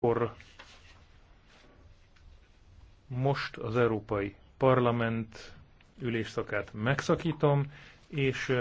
akkor most az Európai Parlament ülésszakát megszakítom, és